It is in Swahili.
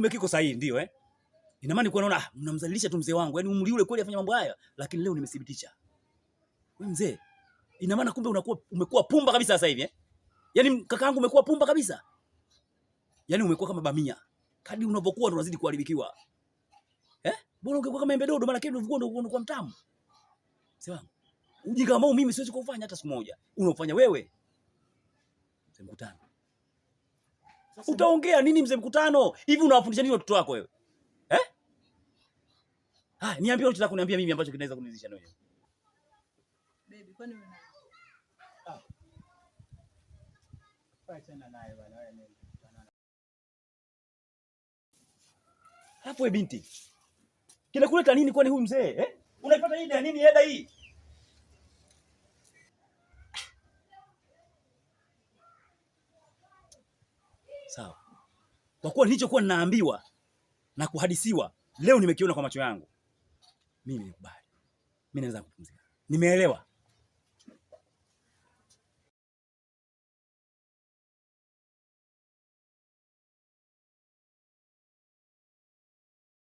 kumbe kiko sahihi, ndio eh. Ina maana kwa naona ah, mnamdhalilisha tu mzee wangu, yaani umri ule kweli afanya mambo haya, lakini leo nimethibitisha. Wewe mzee, ina maana kumbe unakuwa umekuwa pumba kabisa sasa hivi eh? Yaani yangu umekuwa pumba kabisa. Yaani umekuwa kama bamia. Kadi unavyokuwa unazidi kuharibikiwa. Eh? Bora ungekuwa kama embe dodo maana kile ulivyokuwa ndio unakuwa mtamu. Mzee wangu. Ujinga kama mimi siwezi kufanya hata siku moja. Unaofanya wewe. Mzee mkutano. Utaongea nini mzee mkutano? Hivi unawafundisha nini watoto wako wewe? Eh? Ah, niambie unachotaka kuniambia mimi ambacho kinaweza kunizisha na wewe. Baby, kwani ah. wewe Hapo e binti. Kinakuleta nini kwani huyu mzee? Eh? Unaipata hii ya nini heda hii? sawa, kwa kuwa nilichokuwa ninaambiwa na kuhadisiwa leo nimekiona kwa macho yangu, mimi nimekubali, mimi naweza kupumzika, nimeelewa.